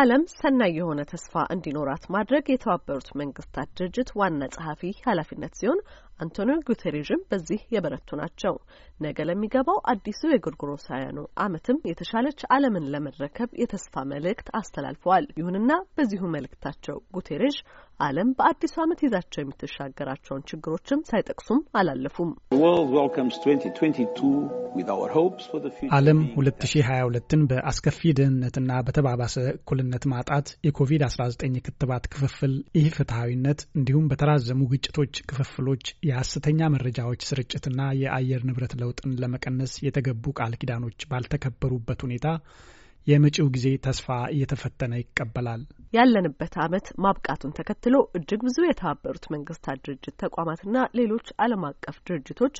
ዓለም ሰናይ የሆነ ተስፋ እንዲኖራት ማድረግ የተባበሩት መንግስታት ድርጅት ዋና ጸሐፊ ኃላፊነት ሲሆን አንቶኒዮ ጉቴሬዥም በዚህ የበረቱ ናቸው። ነገ ለሚገባው አዲሱ የጎርጎሮሳውያኑ አመትም የተሻለች ዓለምን ለመረከብ የተስፋ መልእክት አስተላልፈዋል። ይሁንና በዚሁ መልእክታቸው ጉቴሬዥ ዓለም በአዲሱ ዓመት ይዛቸው የምትሻገራቸውን ችግሮችም ሳይጠቅሱም አላለፉም። ዓለም 2022ን በአስከፊ ድህነትና በተባባሰ እኩልነት ማጣት፣ የኮቪድ-19 ክትባት ክፍፍል፣ ይህ ፍትሐዊነት እንዲሁም በተራዘሙ ግጭቶች ክፍፍሎች የሐሰተኛ መረጃዎች ስርጭትና የአየር ንብረት ለውጥን ለመቀነስ የተገቡ ቃል ኪዳኖች ባልተከበሩበት ሁኔታ የመጪው ጊዜ ተስፋ እየተፈተነ ይቀበላል። ያለንበት ዓመት ማብቃቱን ተከትሎ እጅግ ብዙ የተባበሩት መንግስታት ድርጅት ተቋማትና ሌሎች ዓለም አቀፍ ድርጅቶች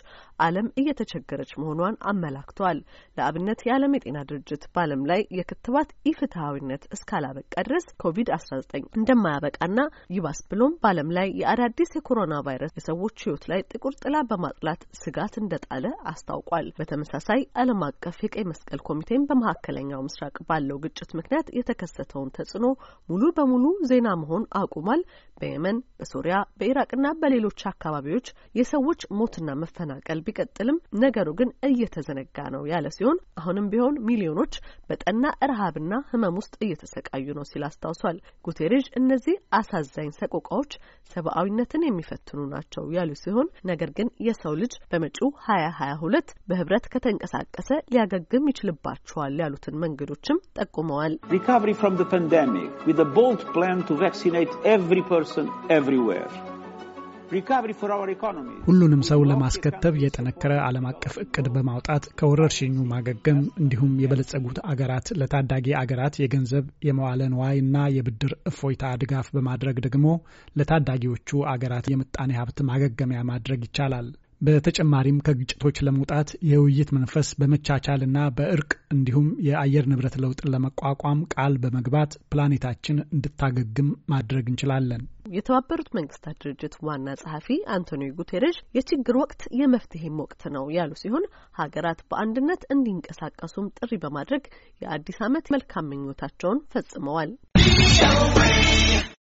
ዓለም እየተቸገረች መሆኗን አመላክተዋል። ለአብነት የዓለም የጤና ድርጅት በዓለም ላይ የክትባት ኢፍትሐዊነት እስካላበቃ ድረስ ኮቪድ 19 እንደማያበቃና ይባስ ብሎም በዓለም ላይ የአዳዲስ የኮሮና ቫይረስ የሰዎች ሕይወት ላይ ጥቁር ጥላ በማጥላት ስጋት እንደጣለ አስታውቋል። በተመሳሳይ ዓለም አቀፍ የቀይ መስቀል ኮሚቴም በመካከለኛው ምስራቅ ኢራቅ ባለው ግጭት ምክንያት የተከሰተውን ተጽዕኖ ሙሉ በሙሉ ዜና መሆን አቁሟል። በየመን፣ በሶሪያ፣ በኢራቅና በሌሎች አካባቢዎች የሰዎች ሞትና መፈናቀል ቢቀጥልም ነገሩ ግን እየተዘነጋ ነው ያለ ሲሆን አሁንም ቢሆን ሚሊዮኖች በጠና ረሃብና ህመም ውስጥ እየተሰቃዩ ነው ሲል አስታውሷል። ጉቴሬዥ እነዚህ አሳዛኝ ሰቆቃዎች ሰብአዊነትን የሚፈትኑ ናቸው ያሉ ሲሆን ነገር ግን የሰው ልጅ በመጪው ሀያ ሀያ ሁለት በህብረት ከተንቀሳቀሰ ሊያገግም ይችልባቸዋል ያሉትን መንገዶች ጥናቶችም ጠቁመዋል። ሪካቨሪ ፍሮም ዘ ፓንደሚክ ዊዝ አ ቦልድ ፕላን ቱ ቫክሲኔት ኤቭሪ ፐርሰን ኤቭሪዌር ሁሉንም ሰው ለማስከተብ የጠነከረ ዓለም አቀፍ እቅድ በማውጣት ከወረርሽኙ ማገገም እንዲሁም የበለጸጉት አገራት ለታዳጊ አገራት የገንዘብ የመዋለ ንዋይ እና የብድር እፎይታ ድጋፍ በማድረግ ደግሞ ለታዳጊዎቹ አገራት የምጣኔ ሀብት ማገገሚያ ማድረግ ይቻላል። በተጨማሪም ከግጭቶች ለመውጣት የውይይት መንፈስ በመቻቻልና በእርቅ እንዲሁም የአየር ንብረት ለውጥን ለመቋቋም ቃል በመግባት ፕላኔታችን እንድታገግም ማድረግ እንችላለን። የተባበሩት መንግስታት ድርጅት ዋና ጸሐፊ አንቶኒዮ ጉቴሬሽ የችግር ወቅት የመፍትሄም ወቅት ነው ያሉ ሲሆን ሀገራት በአንድነት እንዲንቀሳቀሱም ጥሪ በማድረግ የአዲስ ዓመት መልካም ምኞታቸውን ፈጽመዋል።